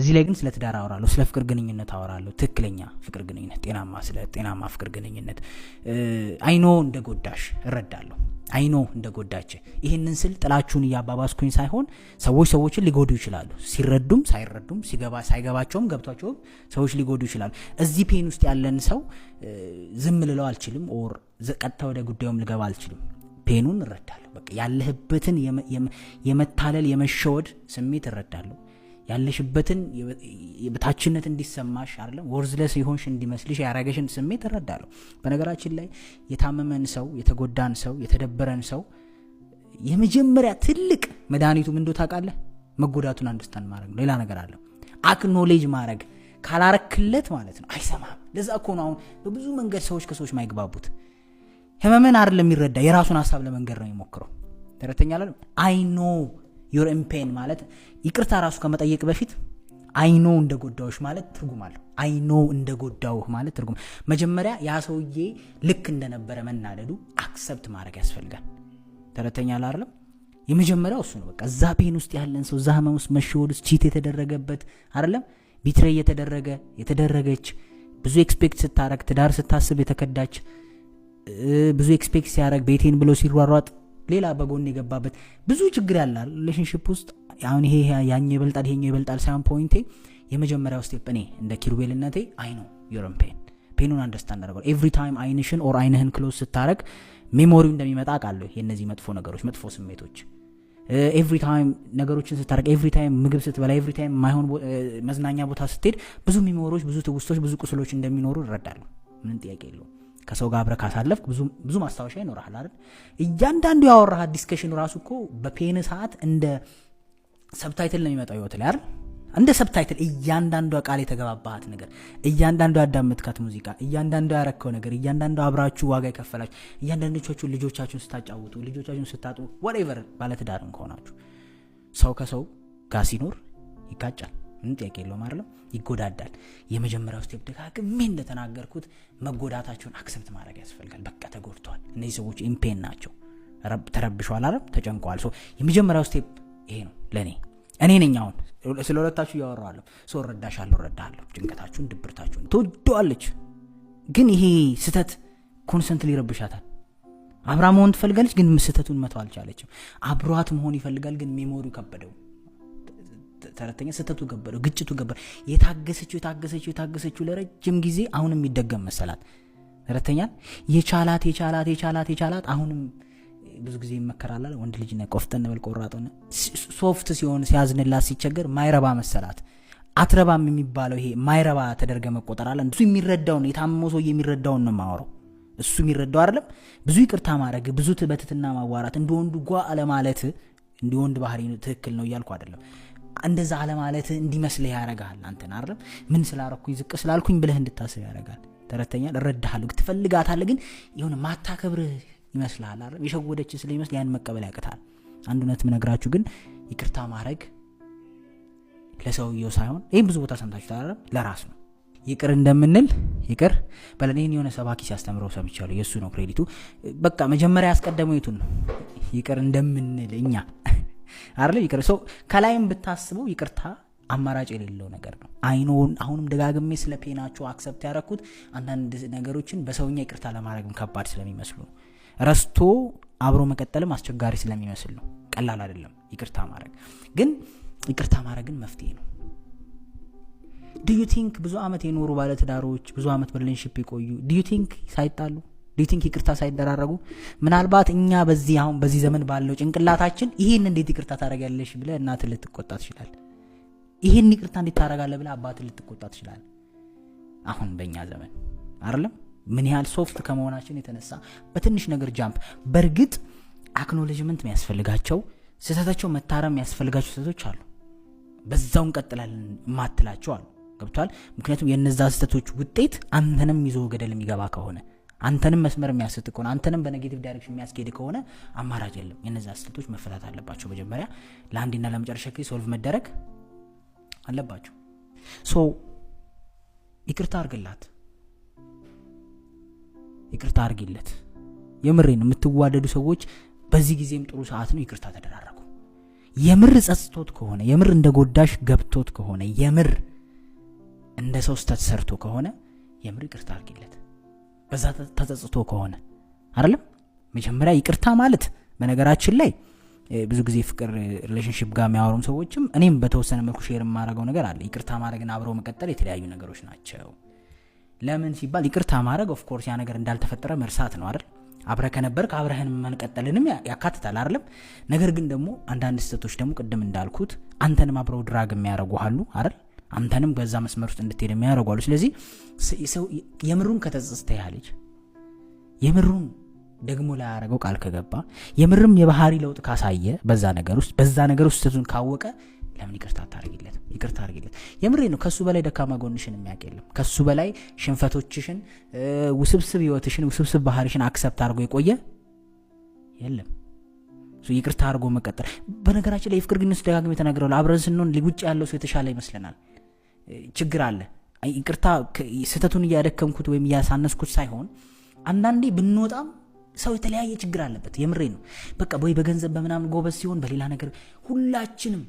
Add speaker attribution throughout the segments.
Speaker 1: እዚህ ላይ ግን ስለ ትዳር አወራለሁ፣ ስለ ፍቅር ግንኙነት አወራለሁ። ትክክለኛ ፍቅር ግንኙነት፣ ጤናማ ስለ ጤናማ ፍቅር ግንኙነት አይኖ እንደ ጎዳሽ እረዳለሁ። አይኖ እንደ ጎዳች ይህንን ስል ጥላችሁን እያባባስኩኝ ሳይሆን ሰዎች ሰዎችን ሊጎዱ ይችላሉ። ሲረዱም ሳይረዱም ሲገባ ሳይገባቸውም ገብቷቸውም ሰዎች ሊጎዱ ይችላሉ። እዚህ ፔን ውስጥ ያለን ሰው ዝም ልለው አልችልም። ኦር ቀጥታ ወደ ጉዳዩም ልገባ አልችልም። ፔኑን እረዳለሁ። በቃ ያለህበትን የመታለል የመሸወድ ስሜት እረዳለሁ። ያለሽበትን በታችነት እንዲሰማሽ አይደለም ወርዝለስ የሆንሽ እንዲመስልሽ ያረገሽን ስሜት እረዳለሁ። በነገራችን ላይ የታመመን ሰው፣ የተጎዳን ሰው፣ የተደበረን ሰው የመጀመሪያ ትልቅ መድኃኒቱ ምንዶ ታቃለ መጎዳቱን አንድስታን ማድረግ ነው። ሌላ ነገር አለ አክኖሌጅ ማድረግ ካላረክለት ማለት ነው አይሰማም። ለዛ እኮ ነው አሁን በብዙ መንገድ ሰዎች ከሰዎች ማይግባቡት። ህመምን አር ለሚረዳ የራሱን ሀሳብ ለመንገድ ነው የሚሞክረው። ተረተኛ አይ ዩር ኢምፔን ማለት ይቅርታ ራሱ ከመጠየቅ በፊት አይኖ እንደ ጎዳዎች ማለት ትርጉም አለሁ። አይኖ እንደ ጎዳውህ ማለት ትርጉም መጀመሪያ ያ ሰውዬ ልክ እንደነበረ መናደዱ አክሰብት ማድረግ ያስፈልጋል። ተረተኛ አይደለም የመጀመሪያው እሱ ነው። በቃ እዛ ፔን ውስጥ ያለን ሰው እዛ ህመም ውስጥ መሸወድ ውስጥ ቺት የተደረገበት አይደለም ቢትሬ የተደረገ የተደረገች ብዙ ኤክስፔክት ስታረግ ትዳር ስታስብ የተከዳች ብዙ ኤክስፔክት ሲያደረግ ቤቴን ብሎ ሲሯሯጥ ሌላ በጎን የገባበት ብዙ ችግር ያላል ሪሌሽንሽፕ ውስጥ አሁን ይሄ ያኛው ይበልጣል ይሄኛው ይበልጣል ሳይሆን ፖይንቴ የመጀመሪያው ስቴፕ እኔ እንደ ኪሩቤልነቴ አይ ነው ዩረን ፔን ፔኑን አንደርስታንድ አደርገዋለሁ። ኤቭሪ ታይም አይንሽን ኦር አይንህን ክሎዝ ስታረግ ሜሞሪው እንደሚመጣ ቃለ የእነዚህ መጥፎ ነገሮች፣ መጥፎ ስሜቶች ኤቭሪ ታይም ነገሮችን ስታደረግ፣ ኤቭሪ ታይም ምግብ ስትበላ፣ ኤቭሪ ታይም ማይሆን መዝናኛ ቦታ ስትሄድ ብዙ ሜሞሪዎች፣ ብዙ ትውስቶች፣ ብዙ ቁስሎች እንደሚኖሩ ይረዳሉ ምንም ጥያቄ የለውም። ከሰው ጋር አብረህ ካሳለፍክ ብዙ ማስታወሻ ይኖርሃል አይደል? እያንዳንዱ ያወራሃት ዲስከሽን ራሱ እኮ በፔን ሰዓት እንደ ሰብታይትል ነው የሚመጣው ህይወት ላይ አይደል? እንደ ሰብታይትል እያንዳንዷ ቃል የተገባባሃት ነገር፣ እያንዳንዱ ያዳመጥካት ሙዚቃ፣ እያንዳንዱ ያረከው ነገር፣ እያንዳንዷ አብራችሁ ዋጋ የከፈላችሁ፣ እያንዳንዶቻችሁ ልጆቻችሁን ስታጫውቱ፣ ልጆቻችሁን ስታጡ፣ ወሬቨር ባለትዳር ከሆናችሁ ሰው ከሰው ጋር ሲኖር ይጋጫል። ምን ጥያቄ የለውም አይደለም ይጎዳዳል የመጀመሪያው ስቴፕ ደጋግሜ እንደተናገርኩት መጎዳታቸውን አክሰብት ማድረግ ያስፈልጋል በቃ ተጎድቷል እነዚህ ሰዎች ኢምፔን ናቸው ተረብሸዋል አለም ተጨንቀዋል የመጀመሪያው ስቴፕ ይሄ ነው ለእኔ እኔ ነኝ አሁን ስለ ሁለታችሁ እያወራዋለሁ ሰው እረዳሻለሁ ረዳለሁ ጭንቀታችሁን ድብርታችሁን ትወደዋለች ግን ይሄ ስተት ኮንሰንትሊ ይረብሻታል አብራ መሆን ትፈልጋለች ግን ስህተቱን መተው አልቻለችም አብሯት መሆን ይፈልጋል ግን ሜሞሪው ከበደው ተረተኛ ስህተቱ ገበረው፣ ግጭቱ ገበረው። የታገሰችው የታገሰችው የታገሰችው ለረጅም ጊዜ አሁንም የሚደገም መሰላት። ተረተኛል የቻላት የቻላት የቻላት የቻላት አሁንም ብዙ ጊዜ ይመከራላል። ወንድ ልጅ ቆፍጠን በል ቆራጥ ሆነ ሶፍት ሲሆን ሲያዝንላት ሲቸገር ማይረባ መሰላት። አትረባም የሚባለው ይሄ ማይረባ ተደርገ መቆጠር አለ። እሱ የሚረዳውን የታመመው ሰው የሚረዳውን ነው ማወረው እሱ የሚረዳው አይደለም። ብዙ ይቅርታ ማድረግ፣ ብዙ ትበትትና ማዋራት፣ እንደወንዱ ጓ አለማለት እንዲወንድ ባህሪ ትክክል ነው እያልኩ አይደለም። እንደዛ አለማለት እንዲመስልህ ያደርጋል። አንተን አይደለም ምን ስላረኩኝ ዝቅ ስላልኩኝ ብለህ እንድታስብ ያደርጋል። ተረተኛ እረዳሃለሁ፣ ትፈልጋታለ ግን የሆነ ማታከብርህ ይመስልሃል። አይደለም የሸወደች ስለሚመስል ያን መቀበል ያቅታል። አንድ እውነት ምነግራችሁ ግን ይቅርታ ማድረግ ለሰውየው ሳይሆን ይህም ብዙ ቦታ ሰምታችሁ አይደለም ለራስ ነው። ይቅር እንደምንል ይቅር በለን። የሆነ ሰባኪ ሲያስተምረው ሰምቻለሁ። የእሱ ነው ክሬዲቱ። በቃ መጀመሪያ ያስቀደመው የቱን ነው? ይቅር እንደምንል እኛ አይደለም ይቅር ከላይም ብታስበው ይቅርታ አማራጭ የሌለው ነገር ነው። አይኖን አሁንም ደጋግሜ ስለ ፔናቸው አክሰብት ያረኩት አንዳንድ ነገሮችን በሰውኛ ይቅርታ ለማድረግም ከባድ ስለሚመስሉ ነው። ረስቶ አብሮ መቀጠልም አስቸጋሪ ስለሚመስል ነው። ቀላል አይደለም ይቅርታ ማድረግ። ግን ይቅርታ ማድረግን መፍትሄ ነው። ዲዩ ቲንክ ብዙ ዓመት የኖሩ ባለትዳሮች ብዙ ዓመት በሌንሽፕ የቆዩ ዲዩ ቲንክ ሳይጣሉ ዲቲንክ ይቅርታ ሳይደራረጉ ምናልባት እኛ በዚህ አሁን በዚህ ዘመን ባለው ጭንቅላታችን ይህን እንዴት ይቅርታ ታደረጋለሽ ብለ እናት ልትቆጣ ትችላል። ይህን ይቅርታ እንዴት ታደረጋለ ብለ አባት ልትቆጣ ትችላል። አሁን በእኛ ዘመን አይደለም ምን ያህል ሶፍት ከመሆናችን የተነሳ በትንሽ ነገር ጃምፕ። በእርግጥ አክኖሌጅመንት የሚያስፈልጋቸው ስህተታቸው መታረም የሚያስፈልጋቸው ስህተቶች አሉ። በዛው እንቀጥላለን ማትላቸው አሉ። ገብቷል። ምክንያቱም የነዛ ስህተቶች ውጤት አንተንም ይዞ ገደል የሚገባ ከሆነ አንተንም መስመር የሚያስት ከሆነ አንተንም በኔጌቲቭ ዳይሬክሽን የሚያስኬድ ከሆነ አማራጭ የለም። የነዚ ስልቶች መፈታት አለባቸው። መጀመሪያ ለአንዴና ለመጨረሻ ጊዜ ሶልቭ መደረግ አለባቸው። ሶ ይቅርታ አርግላት፣ ይቅርታ አርግለት የምሬን የምትዋደዱ ሰዎች በዚህ ጊዜም ጥሩ ሰዓት ነው። ይቅርታ ተደራረጉ። የምር ጸጽቶት ከሆነ የምር እንደ ጎዳሽ ገብቶት ከሆነ የምር እንደ ሰው ስተት ሰርቶ ከሆነ የምር ይቅርታ አርግለት በዛ ተጸጽቶ ከሆነ አይደለም መጀመሪያ ይቅርታ ማለት በነገራችን ላይ ብዙ ጊዜ ፍቅር ሪሌሽንሽፕ ጋር የሚያወሩም ሰዎችም እኔም በተወሰነ መልኩ ሼር የማደርገው ነገር አለ። ይቅርታ ማድረግን አብረው መቀጠል የተለያዩ ነገሮች ናቸው። ለምን ሲባል ይቅርታ ማድረግ ኦፍኮርስ ያ ነገር እንዳልተፈጠረ መርሳት ነው አይደል? አብረ ከነበር አብረህን መንቀጠልንም ያካትታል አይደለም? ነገር ግን ደግሞ አንዳንድ ስህተቶች ደግሞ ቅድም እንዳልኩት አንተንም አብረው ድራግ የሚያደርጉ አሉ አይደል? አንተንም በዛ መስመር ውስጥ እንድትሄድ የሚያደረጓሉ ስለዚህ ሰው የምሩን ከተጸጸተ ያ የምሩን ደግሞ ላያረገው ቃል ከገባ የምርም የባህሪ ለውጥ ካሳየ በዛ ነገር ውስጥ በዛ ነገር ውስጥ ስህተቱን ካወቀ ለምን ይቅርታ አታደርጊለት? ይቅርታ የምሬ ነው። ከሱ በላይ ደካማ ጎንሽን የሚያቅ የለም። ከሱ በላይ ሽንፈቶችሽን፣ ውስብስብ ህይወትሽን፣ ውስብስብ ባህሪሽን አክሰብት አድርጎ የቆየ የለም። ይቅርታ አድርጎ መቀጠል። በነገራችን ላይ የፍቅር ግንስ ደጋግም የተናገረው አብረን ስንሆን ውጭ ያለው ሰው የተሻለ ይመስለናል። ችግር አለ። ይቅርታ ስህተቱን እያደከምኩት ወይም እያሳነስኩት ሳይሆን አንዳንዴ ብንወጣም ሰው የተለያየ ችግር አለበት። የምሬ ነው። በቃ ወይ በገንዘብ በምናምን ጎበዝ ሲሆን በሌላ ነገር ሁላችንም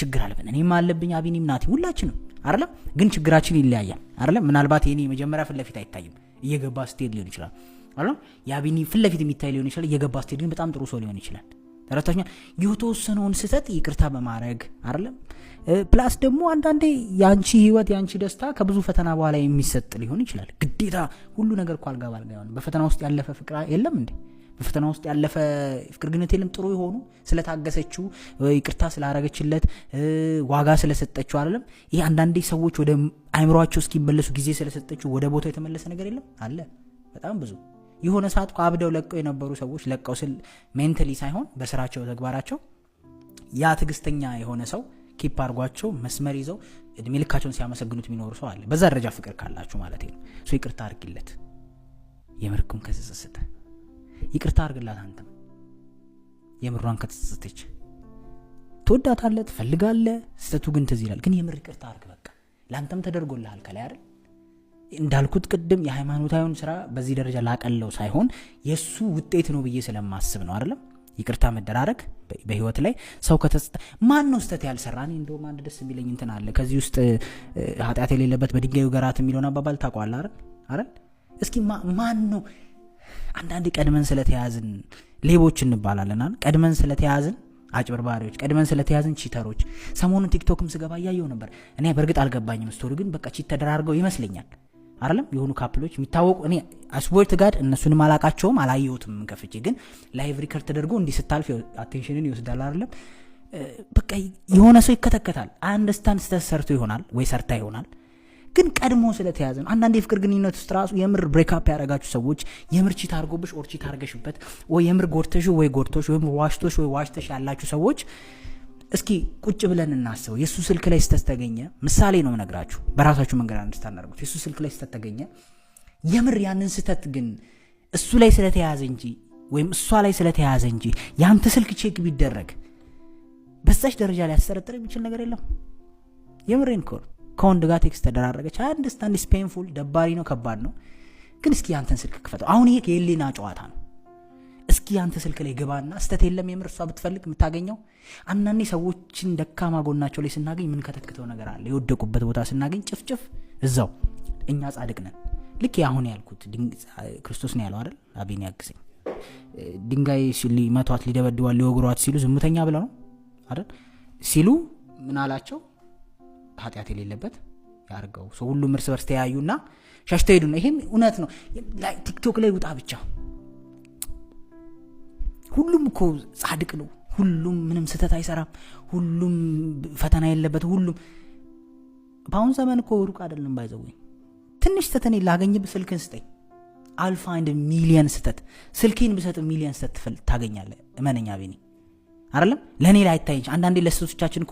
Speaker 1: ችግር አለብን። እኔም አለብኝ፣ አቢኒም፣ ናቲ ሁላችንም አይደለም። ግን ችግራችን ይለያያል አይደለም። ምናልባት የኔ የመጀመሪያ ፊት ለፊት አይታይም፣ እየገባ ስትሄድ ሊሆን ይችላል አይደለም። የአቢኒ ፊት ለፊት የሚታይ ሊሆን ይችላል፣ እየገባ ስትሄድ ግን በጣም ጥሩ ሰው ሊሆን ይችላል ተረታችሁኛል። የተወሰነውን ስህተት ይቅርታ በማድረግ አይደለም። ፕላስ ደግሞ አንዳንዴ የአንቺ ህይወት የአንቺ ደስታ ከብዙ ፈተና በኋላ የሚሰጥ ሊሆን ይችላል። ግዴታ ሁሉ ነገር እኮ አልጋ ባልጋ ይሆን። በፈተና ውስጥ ያለፈ ፍቅር የለም እንዴ? በፈተና ውስጥ ያለፈ ፍቅር ግንት የለም? ጥሩ የሆኑ ስለታገሰችው፣ ይቅርታ ስላረገችለት፣ ዋጋ ስለሰጠችው አይደለም። ይህ አንዳንዴ ሰዎች ወደ አይምሯቸው እስኪመለሱ ጊዜ ስለሰጠችው ወደ ቦታው የተመለሰ ነገር የለም አለ በጣም ብዙ የሆነ ሰዓት አብደው ለቀው የነበሩ ሰዎች ለቀው ስል ሜንትሊ ሳይሆን በስራቸው ተግባራቸው ያ ትግስተኛ የሆነ ሰው ኪፕ አድርጓቸው መስመር ይዘው እድሜ ልካቸውን ሲያመሰግኑት የሚኖሩ ሰው አለ። በዛ ደረጃ ፍቅር ካላችሁ ማለት ነው። እሱ ይቅርታ አርግለት የምርኩም ከተጸጸተ ይቅርታ አርግላት አንተም የምሯን ከተጸጸተች ትወዳታለህ፣ ትፈልጋለህ። ስተቱ ግን ትዝ ይላል። ግን የምር ይቅርታ አርግ በቃ ለአንተም ተደርጎልሃል ከላይ አይደል እንዳልኩት ቅድም የሃይማኖታዊውን ስራ በዚህ ደረጃ ላቀለው ሳይሆን የእሱ ውጤት ነው ብዬ ስለማስብ ነው አይደለም። ይቅርታ መደራረግ በህይወት ላይ ሰው ከተስጠ ማን ነው ስተት ያልሰራ? እኔ እንደውም አንድ ደስ የሚለኝ እንትን አለ ከዚህ ውስጥ ኃጢአት የሌለበት በድንጋዩ ገራት የሚለውን አባባል አረ አረ እስኪ ማን ነው አንዳንድ ቀድመን ስለተያዝን ሌቦች እንባላለን ቀድመን ስለተያዝን አጭበርባሪዎች ቀድመን ስለተያዝን ቺተሮች። ሰሞኑን ቲክቶክም ስገባ እያየው ነበር። እኔ በእርግጥ አልገባኝም ስቶሪ ግን በቃ ቺት ተደራርገው ይመስለኛል አይደለም የሆኑ ካፕሎች የሚታወቁ እኔ አስቦርት ጋድ እነሱንም አላቃቸውም አላየሁትም ምንከፍቼ ግን ላይቭ ሪከርድ ተደርጎ እንዲህ ስታልፍ አቴንሽንን ይወስዳል አይደለም በቃ የሆነ ሰው ይከተከታል አንደስታንድ ስተ ሰርቶ ይሆናል ወይ ሰርታ ይሆናል ግን ቀድሞ ስለተያዘ ነው አንዳንድ የፍቅር ግንኙነት ውስጥ ራሱ የምር ብሬክፕ ያደረጋችሁ ሰዎች የምር ቺት አርጎብሽ ኦር ቺት አርገሽበት ወይ የምር ጎርተሽ ወይ ጎርቶሽ ወይም ዋሽቶሽ ወይ ዋሽተሽ ያላችሁ ሰዎች እስኪ ቁጭ ብለን እናስበው። የእሱ ስልክ ላይ ስህተት ተገኘ፣ ምሳሌ ነው ነግራችሁ፣ በራሳችሁ መንገድ አንደርስታንድ አድርጉት። የእሱ ስልክ ላይ ስህተት ተገኘ፣ የምር ያንን ስህተት ግን እሱ ላይ ስለተያዘ እንጂ ወይም እሷ ላይ ስለተያዘ እንጂ ያንተ ስልክ ቼክ ቢደረግ በዛች ደረጃ ላይ ያስጠረጥር የሚችል ነገር የለም። የምሬን ኮር ከወንድ ጋር ቴክስ ተደራረገች፣ አንደርስታንድ ስፔንፉል ደባሪ ነው፣ ከባድ ነው። ግን እስኪ ያንተን ስልክ ክፈተው። አሁን ይሄ የሌና ጨዋታ ነው። እስኪ አንተ ስልክ ላይ ግባና ስተት የለም የምር እሷ ብትፈልግ የምታገኘው። አንዳንዴ ሰዎችን ደካማ ጎናቸው ላይ ስናገኝ የምንከተክተው ነገር አለ። የወደቁበት ቦታ ስናገኝ ጭፍጭፍ እዛው። እኛ ጻድቅ ነን። ልክ አሁን ያልኩት ክርስቶስ ነው ያለው አይደል? አቤን ያግዘኝ። ድንጋይ መቷት ሊደበድቧት፣ ሊወግሯት ሲሉ ዝሙተኛ ብለው ነው አይደል ሲሉ ምን አላቸው? ኃጢአት የሌለበት ያርገው ሰው ሁሉም እርስ በርስ ተያዩና ሄዱ ነው ይሄም እውነት ነው። ቲክቶክ ላይ ውጣ ብቻ ሁሉም እኮ ጻድቅ ነው። ሁሉም ምንም ስህተት አይሰራም። ሁሉም ፈተና የለበት። ሁሉም በአሁን ዘመን እኮ ሩቅ አይደለም። ባይዘወኝ ትንሽ ስህተኔ ላገኝ ስልክን ስጠኝ አልፋ አንድ ሚሊየን ስህተት ስልኬን ብሰጥ ሚሊየን ስህተት ታገኛለ እመነኛ ቤኒ አይደለም ለእኔ ላይ አይታይች። አንዳንዴ ለስቶቻችን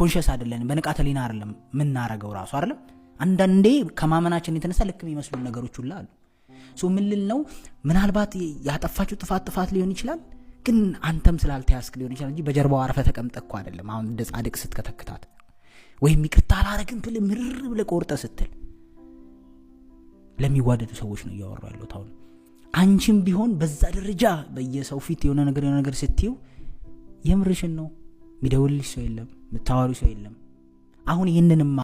Speaker 1: ኮንሽስ አደለን በንቃተ ሊና አይደለም ምናረገው ራሱ አይደለም። አንዳንዴ ከማመናችን የተነሳ ልክ የሚመስሉን ነገሮች ሁላ አሉ። ምን ነው፣ ምናልባት ያጠፋችሁ ጥፋት ጥፋት ሊሆን ይችላል፣ ግን አንተም ስላልተያስክ ሊሆን ይችላል እንጂ በጀርባው አርፈ ተቀምጠኩ አይደለም። አሁን እንደ ጻድቅ ስትከተክታት ወይም ይቅርታ አላረግም ብል ምርር ብለ ቆርጠ ስትል ለሚዋደዱ ሰዎች ነው እያወሩ ያለሁት። አሁን አንቺም ቢሆን በዛ ደረጃ በየሰው ፊት የሆነ ነገር የሆነ ነገር ስትዩ የምርሽን ነው። የሚደውልልሽ ሰው የለም፣ የምታዋሪ ሰው የለም። አሁን ይህንንማ